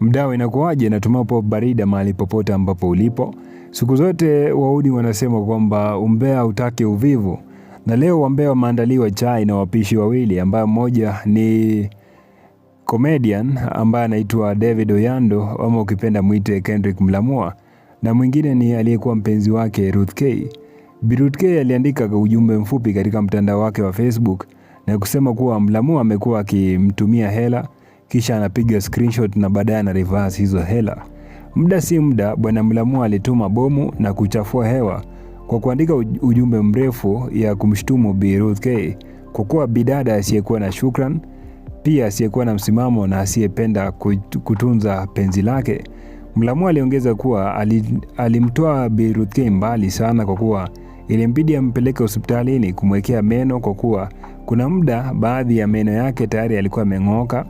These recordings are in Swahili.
Mdau, inakuwaje? natumapo upo barida mahali popote ambapo ulipo. Siku zote wauni wanasema kwamba umbea utake uvivu, na leo wambea wameandaliwa chai na wapishi wawili, ambayo mmoja ni comedian ambaye anaitwa David Oyando ama ukipenda mwite Kendrick Mlamua, na mwingine ni aliyekuwa mpenzi wake Ruth K. Bi Ruth K aliandika ujumbe mfupi katika mtandao wake wa Facebook na kusema kuwa Mlamua amekuwa akimtumia hela kisha anapiga screenshot na baadaye ana reverse hizo hela. Muda si muda, bwana Mlamua alituma bomu na kuchafua hewa kwa kuandika ujumbe mrefu ya kumshutumu Bi Ruth K kwa kuwa bidada asiyekuwa na shukran, pia asiyekuwa na msimamo na asiyependa kutunza penzi lake. Mlamua aliongeza kuwa alimtoa Bi Ruth K mbali sana kwa kuwa ilimbidi ampeleke hospitalini kumwekea meno kwa kuwa kuna muda baadhi ya meno yake tayari yalikuwa ameng'oka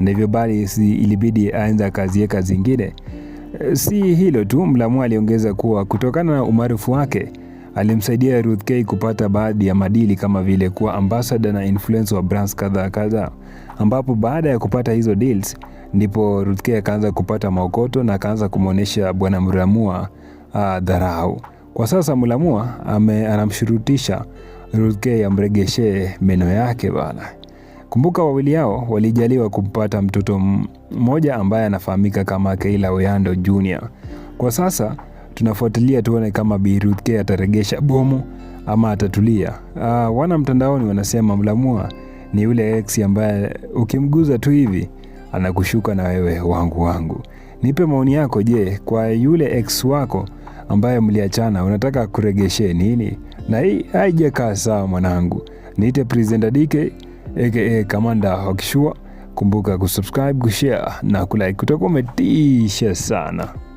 na hivyo bali ilibidi aanza akaziweka zingine. Si hilo tu, Mlamu aliongeza kuwa kutokana na umaarufu wake alimsaidia Ruth K kupata baadhi ya madili kama vile kuwa ambassador na influence wa brands kadhaa kadhaa, ambapo baada ya kupata hizo deals ndipo Ruth K akaanza kupata maokoto na akaanza kumwonyesha Bwana Mlamua ah, dharau. Kwa sasa mlamua anamshurutisha Ruth K amregeshee meno yake bana. Kumbuka wawili hao walijaliwa kumpata mtoto mmoja ambaye anafahamika kama Keila Oyando Jr. Kwa sasa tunafuatilia tuone kama Bi Ruth ataregesha bomu ama atatulia. Uh, wana mtandaoni wanasema Mlamua ni yule ex ambaye ukimguza tu hivi anakushuka na wewe wangu wangu. Nipe maoni yako. Je, kwa yule ex wako ambaye mliachana unataka kuregeshe nini? Na hii haijakaa sawa mwanangu. Niite presenter DK aka Kamanda wa Kumbuka kusubscribe, kushare na kulike, utakuwa umetisha sana.